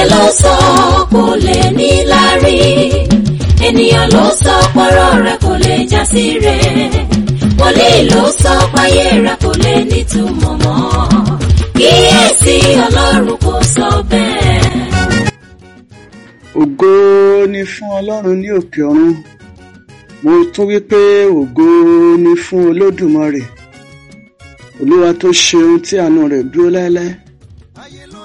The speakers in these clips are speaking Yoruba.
ayé ló sọ kò lè ní lárí ènìyàn ló sọ pọ̀rọ̀ rẹ̀ kò lè já sí rẹ̀ wòlíì ló sọ páyé rẹ̀ kò lè nítumọ̀ mọ́ kíyèsí ọlọ́run kò sọ bẹ́ẹ̀. ògo ni fún ọlọ́run ní òkè ọ̀run mo tún wí pé ògo ni fún olódùmarè olúwa tó ṣe ohun tí àánú rẹ̀ dúró láéláé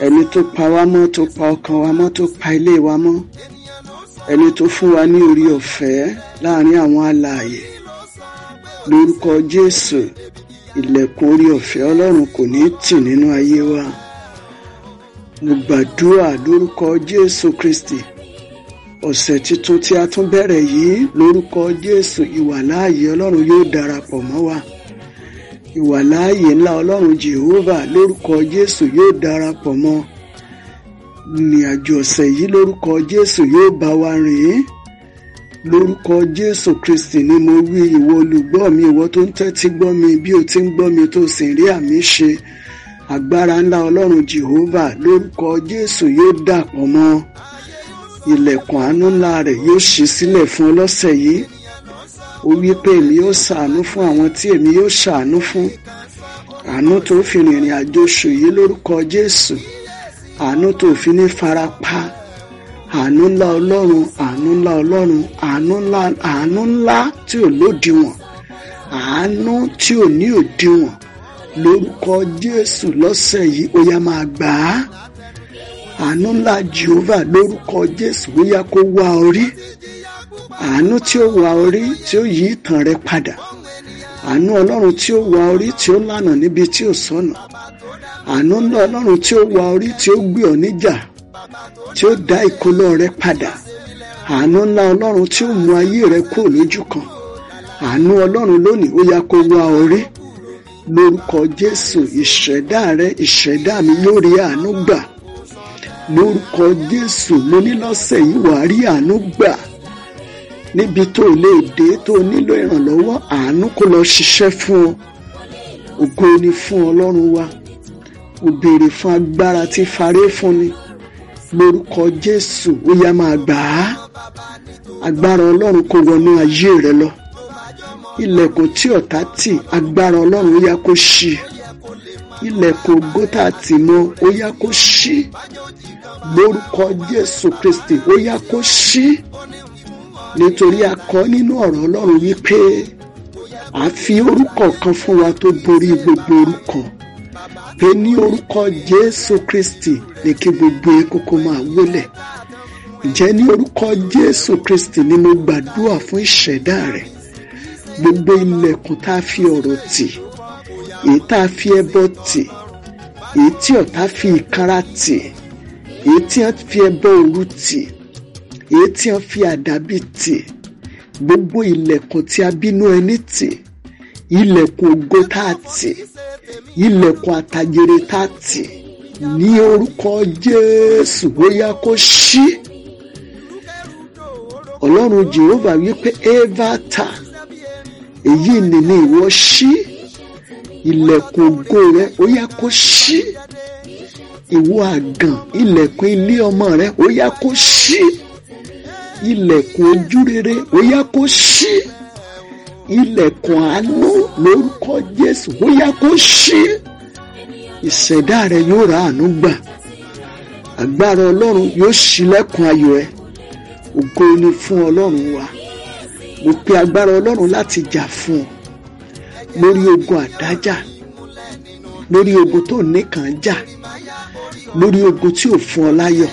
ẹni tó pa wá mọ́ tó pa ọkàn wa mọ́ tó pa ilé wa mọ́ ẹni tó fún wa ní orí ọ̀fẹ́ láàrin àwọn alààyè lórúkọ Jésù ilẹ̀kùn orí ọ̀fẹ́ Ọlọ́run kò ní tì nínú ayé wa mo gbàdúrà lórúkọ Jésù Kristi ọ̀sẹ̀ tuntun tí a tún bẹ̀rẹ̀ yìí lórúkọ Jésù ìwàláàyè Ọlọ́run yóò darapọ̀ mọ́ wa ìwàláàyè ńlá ọlọ́run Jehovah lórúkọ Jésù yóò darapọ̀ mọ́ ìrìn àjò ọ̀sẹ̀ yìí lórúkọ Jésù yóò bá wa rìn lórúkọ Jésù Kristi ni mo wí ìwọ olùgbọ́ mi ìwọ tó ń tẹ́tí gbọ́ mi bí o ti ń gbọ́ mi tó sì ń rí àmì ṣe agbára ńlá ọlọ́run Jehovah lórúkọ Jésù yóò dàpọ̀ mọ́ ilẹ̀kùn àánú ńlá rẹ̀ yóò ṣí sílẹ̀ fún ọlọ́sẹ̀ yìí ó wí pé èmi yóò ṣàánú fún àwọn tí èmi yóò ṣàánú fún àánú tó fi rìnrìn àjò oṣù yìí lórúkọ Jésù àánú tó fi ní farapa àánú ńlá Ọlọ́run àánú ńlá Ọlọ́run àánú ńlá àánú ńlá tí ò lódiwọ̀n àánú tí ò ní òdiwọ̀n lórúkọ Jésù lọ́sẹ̀ yìí ó yá máa gbà á àánú ńlá Jehovah lórúkọ Jésù ó yá kó wá orí. àánú tí ó wà orí tí ó yí ìtàn rẹ padà àánú ọlọ́run tí ó wà orí tí ó lànà níbi tí ó sọnà àánú ńlá ọlọ́run tí ó wà orí tí ó gbé ọ níjà tí ó dá ìkólọ rẹ padà àánú ńlá ọlọ́run tí ó mú ayé rẹ kó lójú kan àánú ọlọ́run lónìí ó yá kó orí lórúkọ mi yóò rí àánú gbà lórúkọ jésù mo ní lọ́sẹ̀ yìí níbi tó lè dé tó nílò ìrànlọ́wọ́ àánú kó lọ ṣiṣẹ́ fún ọ ògo ni fún ọlọ́run wa ò béèrè fún agbára tí faré fún ni lórúkọ jésù ó yá máa gbà á agbára ọlọ́run kó wọnú ayé rẹ lọ ilẹ̀kùn tí ọ̀tá tì agbára ọlọ́run ó yá kó ṣí ilẹ̀kùn gótà tì mọ́ ó yá kó ṣí lórúkọ jésù kristi ó yá kó ṣí nítorí a kọ nínú ọ̀rọ̀ ọlọ́run yìí pé a fi orúkọ kan fún wa tó borí gbogbo orúkọ pé ní orúkọ jésù kristi ni kí gbogbo kókó máa wólẹ̀ ǹjẹ́ ní orúkọ jésù kristi ni mo gbàdúrà fún ìṣẹ̀dá rẹ̀ gbogbo ilẹ̀kùn tá a fi ọ̀rọ̀ tì èyí tá a fi ẹbọ tì èyí tí ọ̀tá fi ìkanra tì èyí tí wọ́n fi ẹbọ òru tì èyí tí wọ́n fi àdábì tì gbogbo ilẹ̀kùn tí a bínú ẹni tì ilẹ̀kùn ògo tá a tì ilẹ̀kùn àtàjèrè tá a tì ní orúkọ Jésù ó kó ṣí ọlọ́run jehova wípé evata èyí nìní ìwọ ṣí ilẹ̀kùn ògo rẹ ó yá kó ṣí ìwọ àgàn ilẹ̀kùn ilé ọmọ rẹ ó kó ṣí ilẹ̀kùn ojúrere ó yá kó ṣí ilẹ̀kùn àánú lórúkọ Jésù ó yá kó ṣí ìṣẹ̀dá rẹ yóò ra àánú gbà agbára ọlọ́run yóò ṣílẹ̀kùn ayọ̀ ẹ ògo ni fún ọlọ́run wa mo pe agbára ọlọ́run láti jà fún ọ lórí ogun àdájà lórí ogun tó nìkan jà lórí ogun tí ò fún ọ láyọ̀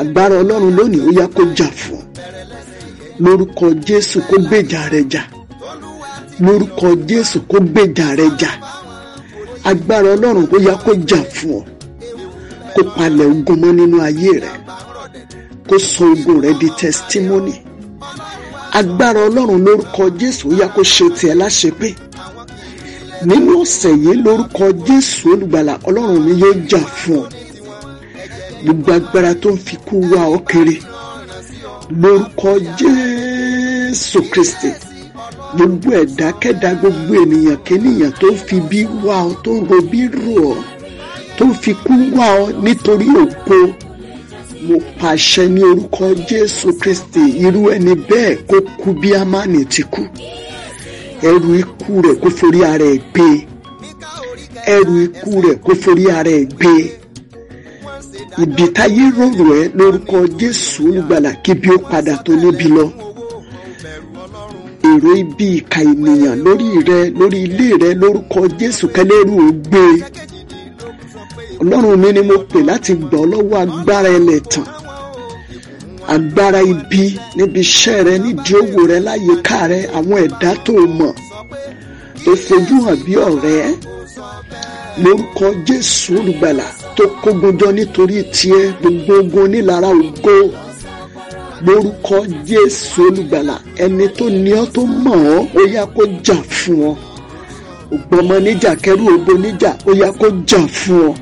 agbára ọlọ́run lónìí ó yá kó jà fún lórúkọ jésù kó gbèjà rẹ jà lórúkọ jésù kó gbèjà rẹ jà agbára ọlọ́run ó yá kó jà fún ọ kó palẹ̀ ogun mọ́ nínú ayé rẹ kó sọ ogun rẹ di testimony agbára ọlọ́run lórúkọ jésù ó yá kó ṣe tiẹ̀ láṣepé nínú ọ̀sẹ̀ yìí lórúkọ jésù olùgbàlà ọlọ́run mi yóò jà fún ọ gbogbo agbára tó ń fi kú wá ọ kiri lórúkọ jésù kristi gbogbo ẹ̀dákẹ́dá gbogbo ènìyàn kénìyàn tó ń fi bí wá ọ tó ń robí rò ọ tó ń fi kú wá ọ nítorí ògo mo pàṣẹ ní orúkọ jésù kristi irú ẹni bẹ́ẹ̀ kó kú bí amánì ti kú ẹrù ikú rẹ̀ kó forí ara ẹ̀ gbé ẹrù ikú rẹ̀ kó forí ara ẹ̀ gbé ibi táyé rọrùn ẹ lórúkọ Jésù olùgbàlà kí bí ó padà tó níbi lọ èrò ibi ìka ènìyàn lórí rẹ lórí ilé rẹ lórúkọ Jésù kẹlẹ́rù ó gbé Ọlọ́run mi ni mo pè láti gbọ́ lọ́wọ́ agbára ẹlẹ́tàn agbára ibi níbi iṣẹ́ rẹ nídìí òwò rẹ láyìíká rẹ àwọn ẹ̀dá tó mọ̀ tó fojú hàn bí ọ̀rẹ́ lórúkọ Jésù olùgbàlà tó kógun jọ nítorí tiẹ̀ gbogbo ogun onílara ògo lórúkọ Jésù olùgbàlà ẹni tó ní ọ tó mọ̀ ọ́ ó yá kó jà fún ọ ògbọmọ níjà kẹrù ògbó níjà ó yá kó jà fún ọ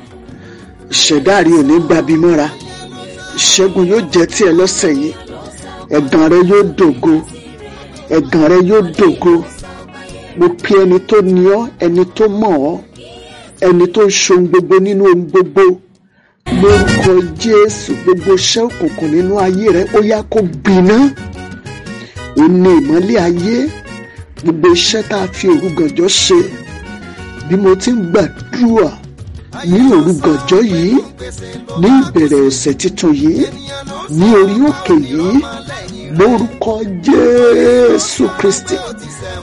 ìṣẹ̀dáàrí ò ní gbabi mọ́ra ìṣẹ́gun yóò jẹ́ tiẹ̀ lọ́sẹ̀ yìí ẹ̀gàn rẹ yóò dògo ẹ̀gàn rẹ yóò dògo mo pe ẹni tó ní ọ ẹni tó mọ̀ ọ́ ẹni tó ń ṣohun gbogbo nínú ohun gbogbo lórúkọ jésù gbogbo iṣẹ́ òkùnkùn nínú ayé rẹ ó yá kó gbiná ó ní ayé gbogbo iṣẹ́ tá a fi òru gànjọ́ ṣe bí mo ti ń gbàdúrà ní òru gànjọ́ yìí ní ìbẹ̀rẹ̀ ọ̀sẹ̀ tuntun yìí ní orí òkè yìí lórúkọ jésù kristi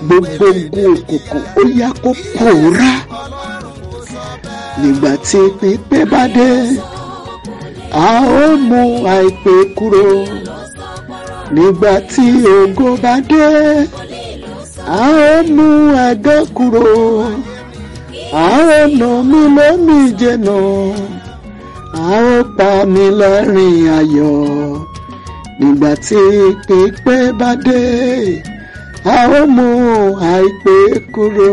gbogbo ogun òkùnkùn ó yá kó pòórá nígbà tí pípé bá dé a ó mú àìpé kúrò nígbà tí ògo bá dé a ó mú ẹ̀gàn kúrò a ó nà mí lómi jẹ̀nà a ó pa mí lẹ́rìn ayọ̀ nígbà tí pípé bá dé a ó mú àìpé kúrò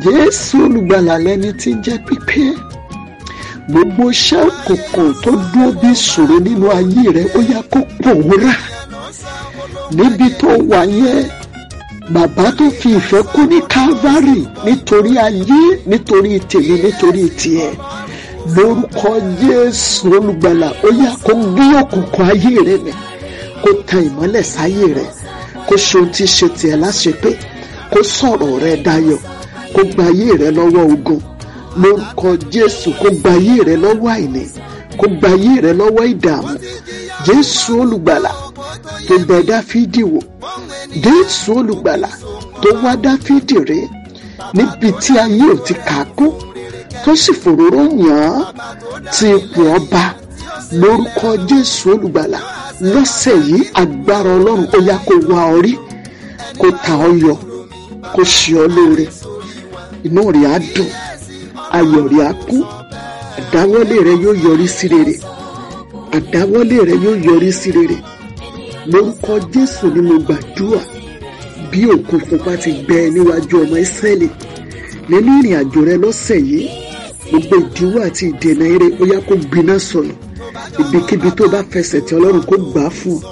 jésù olùgbàlà lẹni tí ń jẹ́ pípé gbogbo iṣẹ́ òkùnkùn tó dúró bí ìṣòro nínú ayé rẹ ó yá kó pòórá níbi tó wà yẹn bàbá tó fi ìfẹ́ kú ní calvary nítorí ayé nítorí tèmi nítorí tiẹ̀ lórúkọ jésù olùgbàlà ó yá kó gbé òkùnkùn ayé rẹ mẹ kó tan ìmọ́lẹ̀ sáyé rẹ kó ṣe ohun tí ṣe tiẹ̀ láṣepé kó sọ̀rọ̀ rẹ dayọ̀ kó gba ayé rẹ lọ́wọ́ ogun lórúkọ jésù kó gba ayé rẹ lọ́wọ́ àìní kó gba ayé rẹ lọ́wọ́ ìdààmú jésù olùgbàlà tó bẹ dáfídì wò jésù olùgbàlà tó wá dáfídì rè níbi tí ayé ò ti kà á kó tó sì fòróró yàn án ti ipò ọba lórúkọ jésù olùgbàlà lọ́sẹ̀ yìí agbára ọlọ́run ó yá kó wá ọ rí kó ta ọ yọ kó ṣe ọ lóore inú rẹ̀ á dùn ayọ̀ rẹ̀ á kú àdáwọ́lé rẹ̀ yóò yọrí sí rere àdáwọ́lé rẹ̀ yóò yọrí sí rere lórúkọ Jésù ni mo gbàdúrà bí òkú pupa ti gbẹ níwájú ọmọ Ísírẹ́lì nínú ìrìn àjò rẹ lọ́sẹ̀ yìí gbogbo ìdíwọ́ àti ìdènà eré ó kó gbiná sọnù ibikíbi tó bá fẹsẹ̀ tí Ọlọ́run kó gbà fún ọ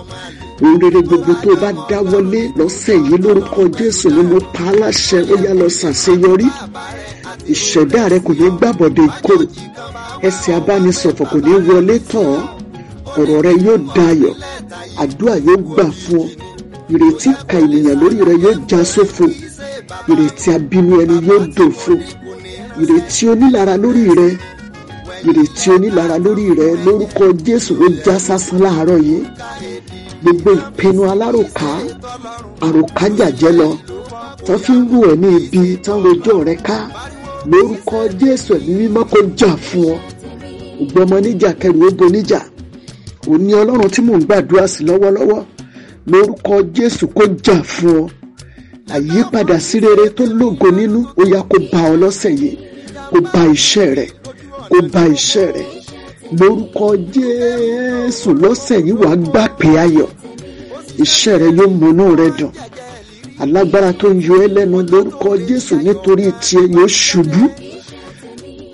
rere gbogbo tó o bá dáwọ́lé lọ́sẹ̀ yìí lórúkọ Jésù ni mo pa á láṣẹ ó yá lọ ṣàṣeyọrí ìṣẹ̀dá rẹ kò ní gbàbọ̀dé ìkorò ẹsẹ̀ abánisọ̀fọ̀ kò ní wọlé tọ̀ ọ́ ọ̀rọ̀ rẹ yóò dayọ̀ àdúrà yóò gbà fún ọ ìrètí ka ènìyàn lórí rẹ yóò já sófo ìrètí abínú ẹni yóò dòfo ìrètí onílara lórí rẹ ìrètí onílara lórí rẹ lórúkọ Jésù ló já sásán láàárọ̀ yìí gbogbo ìpinnu aláròká àròká jàjẹ́ lọ tán fi ń rú ẹ̀ ní ibi tán rojọ́ rẹ ká lórúkọ Jésù ẹ̀mí mímọ́ kó jà fún ọ ògbọ́n ọmọ níjà kẹrù ó boníjà òní Ọlọ́run tí mò ń gbàdúrà sí lọ́wọ́lọ́wọ́ lórúkọ Jésù kó jà fún ọ àyípadà sí rere tó lógo nínú ó yá kó bá ọ lọ́sẹ̀ yìí kó bá iṣẹ́ rẹ kó bá iṣẹ́ rẹ lórúkọ Jésù lọ́sẹ̀ yìí wàá gbà pé ayọ̀ iṣẹ́ rẹ yóò múnú rẹ dùn alágbára tó ń yọ ẹ́ lẹ́nu lórúkọ Jésù nítorí tiẹ̀ yóò ṣubú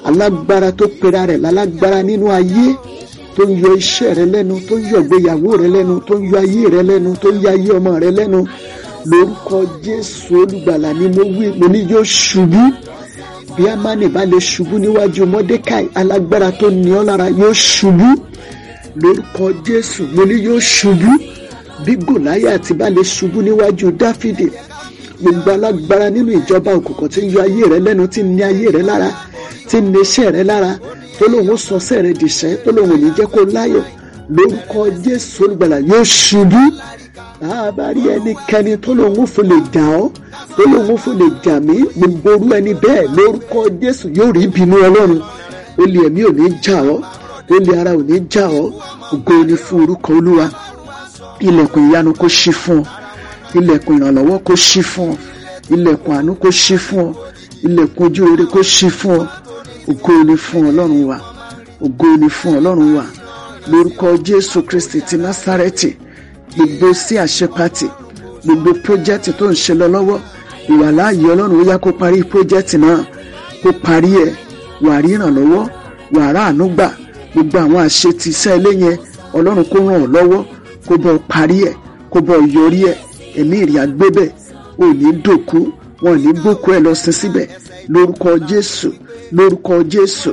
alágbára tó pera rẹ̀ lálágbára nínú ayé tó ń yọ iṣẹ́ rẹ lẹ́nu tó ń yọ ìgbéyàwó rẹ lẹ́nu tó ń yọ ayé rẹ lẹ́nu tó ń yọ ayé ọmọ rẹ lẹ́nu lórúkọ Jésù olùgbàlà ni mo wí mo ní yóò ṣubú bí amani bá lè ṣubú níwájú mọ́dékàì alágbára tó ní ọ́ lára yóò ṣubú lórúkọ jésù mo ní yóò ṣubú bí gòláyàtì bá lè ṣubú níwájú dáfídì gbogbo alágbára nínú ìjọba òkùnkùn tí ń yọ ayé rẹ lẹ́nu tí ń ní ayé rẹ lára tí ń ní iṣẹ́ rẹ lára tó lóun ó sọsẹ́ rẹ dìṣẹ́ tó lóun ò ní jẹ́ kó láyọ̀ lórúkọ jésù olùgbàlà yóò ṣubú bàbá rí ẹnikẹ́ni tó lóun ó fò lè dà ọ́ tó lóun fò lè jà mí ní ború ẹni bẹ́ẹ̀ lórúkọ jésù yóò rí ìbínú ọlọ́run olè ẹ̀mí ò ní jà ọ́ olè ara ò ní jà ọ́ ògo ni fún orúkọ olúwa ilẹ̀kùn ìyanu kó ṣí fún ọ ilẹ̀kùn ìrànlọ́wọ́ kó ṣí fún ọ ilẹ̀kùn àánú kó ṣí fún ọ ilẹ̀kùn ojú rere kó ṣí fún ọ ògo ni fún ọlọ́run wa ògo ni fún ọlọ́run wa lórúkọ jésù kristi ti násárẹ́tì gbogbo sí àṣepatì gbogbo pírójẹ́tì tó ń ṣe lọ lọ́wọ́ ìwàláàyè ọlọ́run ó yá kó parí pírójẹ́tì náà kó parí ẹ̀ wà á rí ìrànlọ́wọ́ wà á ráàánú gbà gbogbo àwọn àṣetì iṣẹ́ ilé yẹn ọlọ́run kó ràn ọ́ lọ́wọ́ kó bọ́ parí ẹ̀ kó bọ́ yọrí ẹ̀ ẹ̀mí ìrìn àgbébẹ̀ ò ní dòkú wọn ò ní gbókú ẹ̀ lọ sin síbẹ̀ lórúkọ jésù lórúkọ jésù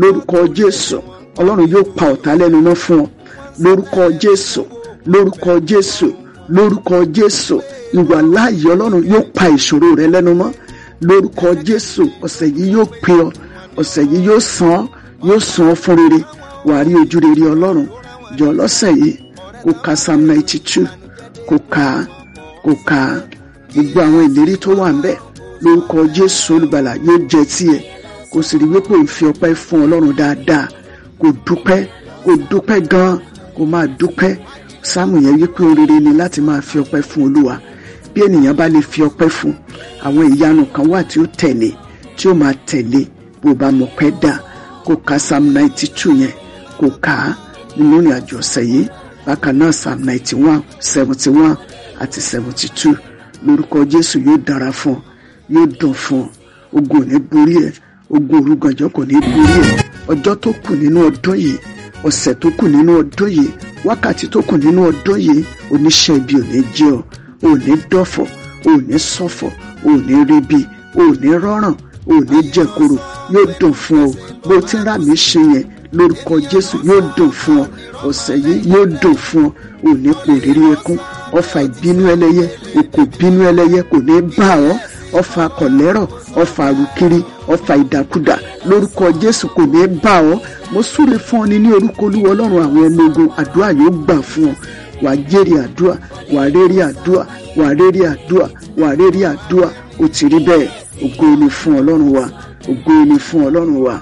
lórúkọ jésù ọlọ́run yóò pa ọ̀tá lẹ́nu náà fún ọ lórúkọ jésù lórúkọ jésù lórúkọ jésù ìwà láàyè ọlọ́run yóò pa ìṣòro rẹ lẹ́nu mọ́ lórúkọ jésù ọ̀sẹ̀ yìí yóò pè ọ́ ọ̀sẹ̀ yìí yóò sàn ọ́ yóò sàn ọ́ fún rere wàá rí ojú rere ọlọ́run jọ lọ́sẹ̀ yìí kò ka psalm ninety two kò ka kò ka gbogbo àwọn ìlérí tó wà ń lórúkọ jésù olùgbàlà yóò jẹ tiẹ̀ kò sì rí wípé òun fi fún ọlọ́run dáadáa kò dúpẹ́ kò dúpẹ́ gan kò máa dúpẹ́ sáàmù yẹn wípé orere ni láti máa fi ọpẹ́ fún olúwa bí ènìyàn bá lè fi ọpẹ́ fún àwọn ìyanu kan wà tí ó tẹ̀lé tí ó máa tẹ̀lé bó bá mọpẹ́ dà kó ka psalm ninety two yẹn kó kà á nínú ìrìn àjò ọ̀sẹ̀ yìí bákan náà psalm ninety one seventy one àti seventy two lórúkọ jésù yóò dára fún yóò dùn fún ogun ò ní borí ẹ ogun òru kò ní borí ẹ ọjọ́ tó kù nínú ọdún yìí ọ̀sẹ̀ tó kù nínú ọdún yìí wákàtí tó kù nínú ọdún yìí oníṣẹ́ ibi ò ní jẹ́ ọ ò ní dọ̀fọ̀ ò ní sọ̀fọ̀ ò ní ríbi ò ní rọ́ràn ò ní jẹ̀kúrò yóò dùn fún ọ bó ti rà mí ṣe yẹn lórúkọ Jésù yóò dùn fún ọ ọ̀sẹ̀ yìí yóò dùn fún ọ ò ní kò rírí ẹkún ọfà ìbínú ẹlẹ́yẹ òkò bínú ẹlẹ́yẹ kò ní bá ọ ọfà kọ̀lẹ́rọ̀ ọfà àrùkiri ọfà ìdàkudà lórúkọ Jésù kò ní bá ọ mo súre fún ọ ní ní orúkọ olúwa ọlọ́run àwọn ọmọ ogun àdúrà yóò gbà fún ọ wà á jèrè àdúrà wà á rẹ́rì àdúrà wà á rẹ́rì àdúrà wà á rẹ́rì àdúrà ó ti rí bẹ́ẹ̀ ògo ni fún ọlọ́run wa ògo ni fún ọlọ́run wa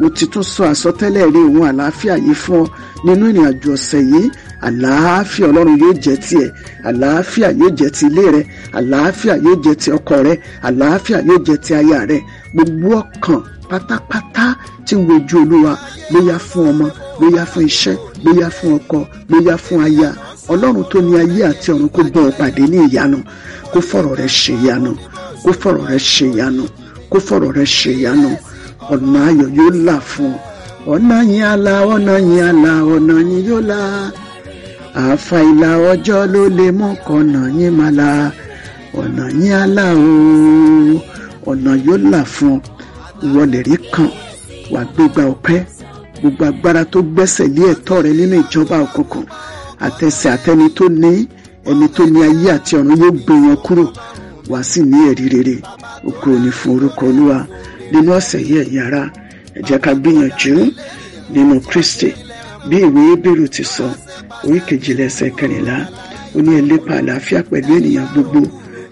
mo ti tún sọ àsọtẹ́lẹ̀ rí òun àlàáfíà yìí fún ọ nínú ìrìn àjò ọ̀sẹ̀ yìí àlàáfíà ọlọ́run yóò jẹ́ tiẹ̀ àlàáfíà yóò jẹ́ ti ilé rẹ àlàáfíà yóò jẹ́ ti ọkọ rẹ àlàáfíà yóò jẹ́ ti aya rẹ gbogbo ọkàn pátápátá tí ń wojú olúwa bóyá fún ọmọ bóyá fún iṣẹ́ bóyá fún ọkọ bóyá fún aya ọlọ́run tó ní ayé àti ọ̀run kó bọ́ ọ pàdé ní ìyanu kó fọ̀rọ̀ rẹ ṣe ìyanu kó fọ̀rọ̀ rẹ ṣe ìyanu kó fọ̀rọ̀ rẹ ṣe ìyanu ọ̀nà ayọ̀ yóò là fún ọ ọ̀nà yín àlà ọ̀nà yín àlà ọ̀nà yín yóò là àfà ìlà ọjọ́ ló lè mú kọ̀nà yín màlà ọ̀nà yín àlà o ọ̀nà yóò là fún ọ ìwọ lè rí kan wàá gbégbá ọpẹ́ gbogbo agbára tó gbẹ́sẹ̀ lé ẹ̀tọ́ rẹ nínú ìjọba òkùnkùn àtẹsẹ̀ àtẹni tó ní ẹni tó ní ayé àti ọ̀run yóò gbé wọn kúrò wàá sì ní ẹ̀rí rere ògo ni fún orúkọ olúwa nínú ọ̀sẹ̀ yìí ẹ̀yin ará ẹ jẹ́ ká gbìyànjú nínú kristi bí ìwé Hébérù ti sọ orí kejìlá ẹsẹ̀ kẹrìnlá ó ní ẹ lépa àlàáfíà pẹ̀lú ènìyàn gbogbo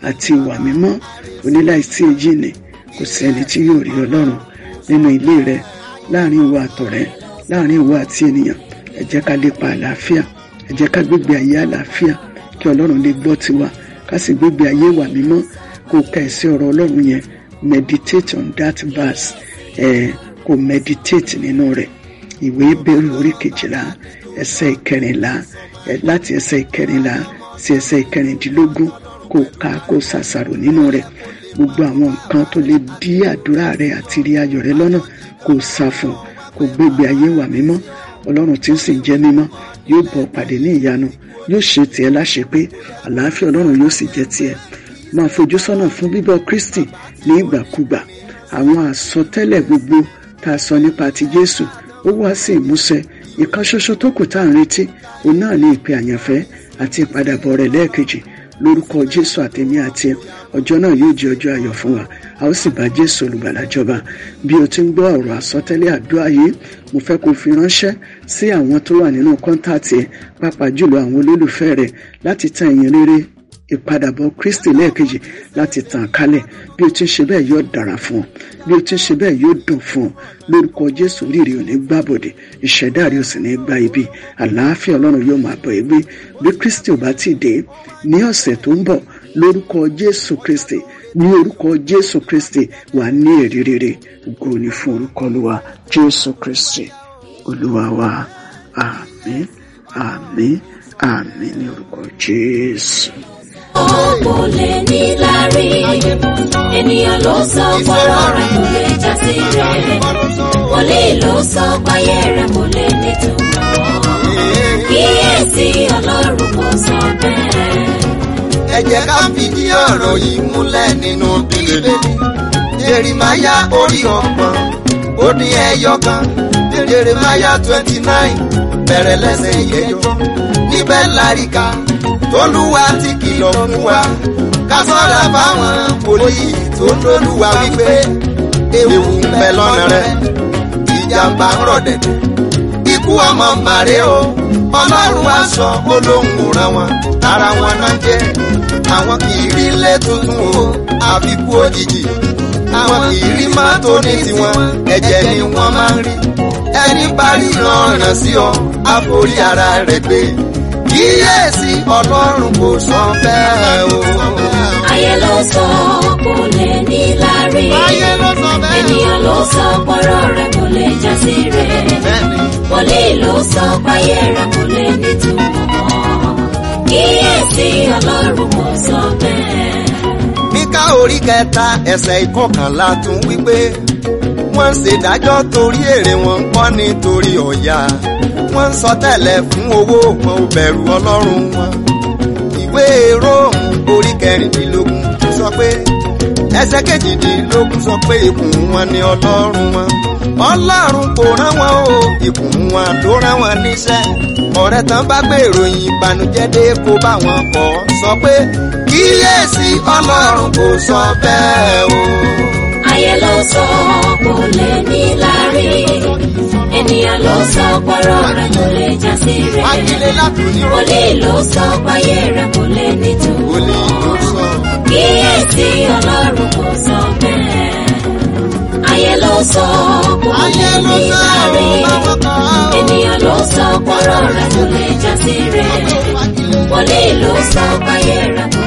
àti ìwà mímọ́ ó èjì nìí kò sẹ́ni tí yóò rí ọlọ́run nínú ilé rẹ láàrin ìwọ àtọ̀rẹ́ láàrin ìwọ àti ènìyàn ẹ jẹ́ ká lépa àlàáfíà ẹ jẹ́ ká gbégbé ayé àlàáfíà kí ọlọ́run lè gbọ́ tiwa ká sì gbégbé ayé wà mímọ́ kó ka ẹ̀sìn ọ̀rọ̀ ọlọ́run yẹn meditate on that verse ẹ kó meditate nínú rẹ̀ ìwé Hébérù orí kejìlá ẹsẹ̀ ìkẹrìnlá ẹ láti ẹsẹ̀ ìkẹrìnlá sí ẹsẹ̀ ìkẹrìndínlógún kó ka kó ṣàṣàrò nínú rẹ̀ gbogbo àwọn nǹkan tó lè dí àdúrà rẹ àti rí ayọ̀ rẹ lọ́nà kò sá fún kò gbégbé ayé wà mímọ́ ọlọ́run tí ó sì ń jẹ́ mímọ́ yóò bọ̀ pàdé ní ìyanu yóò ṣe tiẹ̀ láṣẹ pé àlàáfíà ọlọ́run yóò sì jẹ́ tiẹ̀ máa fojú sọ́nà fún bíbọ̀ kristi ní ìgbàkúgbà àwọn àsọtẹ́lẹ̀ gbogbo tá a sọ nípa ti jésù ó wá sí ìmúṣẹ ìkan ṣoṣo tó kù tá à ń retí òun náà ní ìpè àyànfẹ́ àti ìpadàbọ̀ rẹ̀ lẹ́ẹ̀kejì lórúkọ jésù àtẹmí àti ọjọ́ náà yóò jẹ́ ọjọ́ ayọ̀ fún wa a ó sì bá jésù olùgbàlà jọba bí o ti ń gbọ́ ọ̀rọ̀ àsọtẹ́lẹ̀ àdúrà yìí mo fẹ́ kó fi ránṣẹ́ sí àwọn tó wà nínú kọ́ńtàtì ẹ̀ jùlọ àwọn olólùfẹ́ rẹ̀ láti tan ìyìn rere ìpadàbọ̀ Kristi lẹ́ẹ̀kejì láti tàn kálẹ̀ bí o ti ń ṣe bẹ́ẹ̀ yóò dára fún ọ bí o ti ń ṣe bẹ́ẹ̀ yóò dùn fún ọ lórúkọ Jésù oríire ò ní gbàbọ̀dẹ̀ ìṣẹ̀dá rẹ ò sì ní gbá ibi àlàáfíà Ọlọ́run yóò máa bọ̀ ẹgbẹ́ bí Kristi ò bá ti dé ní ọ̀sẹ̀ tó ń bọ̀ lórúkọ Jésù Kristi ní orúkọ Jésù Kristi wà ní èrè rere ògo ni fún orúkọ Olúwa Jésù Kristi Olúwa wa àmín àmín àmín ní orúkọ Jésù kò lè ní láárí ènìyàn ló sọ fọ́rọ̀ rẹ̀ kò lè já sí rẹ̀ wọlé ló sọ páyé rẹ̀ kò lè nítumọ̀ kíyèsí ọlọ́run kò sọ bẹ́ẹ̀. ẹ jẹ́ ká fìdí ọ̀rọ̀ yìí múlẹ̀ nínú bíbélì jerimáyà orí ọgbọ̀n ó ní ẹyọ kan. Jeremiah twenty nine bẹ̀rẹ̀ lẹ́sẹ̀ ìyẹjọ́ níbẹ̀ láríkà tólúwa ti kìlọ̀ fún wa ká ṣọ́ra fáwọn wòlíì tó lólúwa wípé ewu ń bẹ lọ́nà rẹ ìjàmbá ń rọ̀ dẹ̀dẹ̀ ikú ọmọ màrí o ọlọ́run aṣọ olóhùn òran wọn ara wọn náà jẹ́ àwọn kì í rí ilé tuntun o àfikún òjijì àwọn ìrímà tó ní tiwọn ẹ̀jẹ̀ ni wọ́n máa ń rí ẹni parí ìrànràn sí ọ àforí ara rẹ̀ gbé kíyèsí ọlọ́run kò sọ bẹ́ẹ̀ o. ayé ló sọ kò lè ní láre ènìyàn ló sọ pọ̀rọ̀ rẹ̀ kò lè já sí rẹ̀ wòlíì ló sọ páyé rẹ̀ kò lè nítumọ̀ kíyèsí ọlọ́run kò sọ bẹ́ẹ̀ orí kẹta ẹsẹ̀ ìkọkànlá tún wípé wọ́n ń ṣèdájọ́ torí èrè wọn ń kọ́ nítorí ọ̀yà wọ́n ń sọ tẹ́lẹ̀ fún owó wọn ò bẹ̀rù ọlọ́run wọn. ìwé róòmù orí kẹrìndínlógún sọ pé ẹsẹ̀ kejìdínlógún sọ pé ikùn wọn ni ọlọ́run wọn ọlọ́run kò rán wọn o ìbùn wọn ló rán wọn níṣẹ́ ọ̀rẹ́ tán bá gbé ìròyìn ìbànújẹ́ dé kó bá wọn kọ́ sọ pé kíyèsí ọlọ́run kò sọ bẹ́ẹ̀ o. ayé ló sọ kò lè ní láre ènìyàn ló sọ pọ̀rọ̀ rẹ̀ kò lè já sí rẹ̀ wòlíì ló sọ páyé rẹ̀ kò lè nítumọ̀ kíyèsí ọlọ́run kò sọ bẹ́ẹ̀ ayé ló sọ kò lè ní sáré ènìyàn ló sọ pọ́rọ̀ rẹ̀ tó lè já rẹ̀ wọlé ló sọ páyé rẹ̀ kò.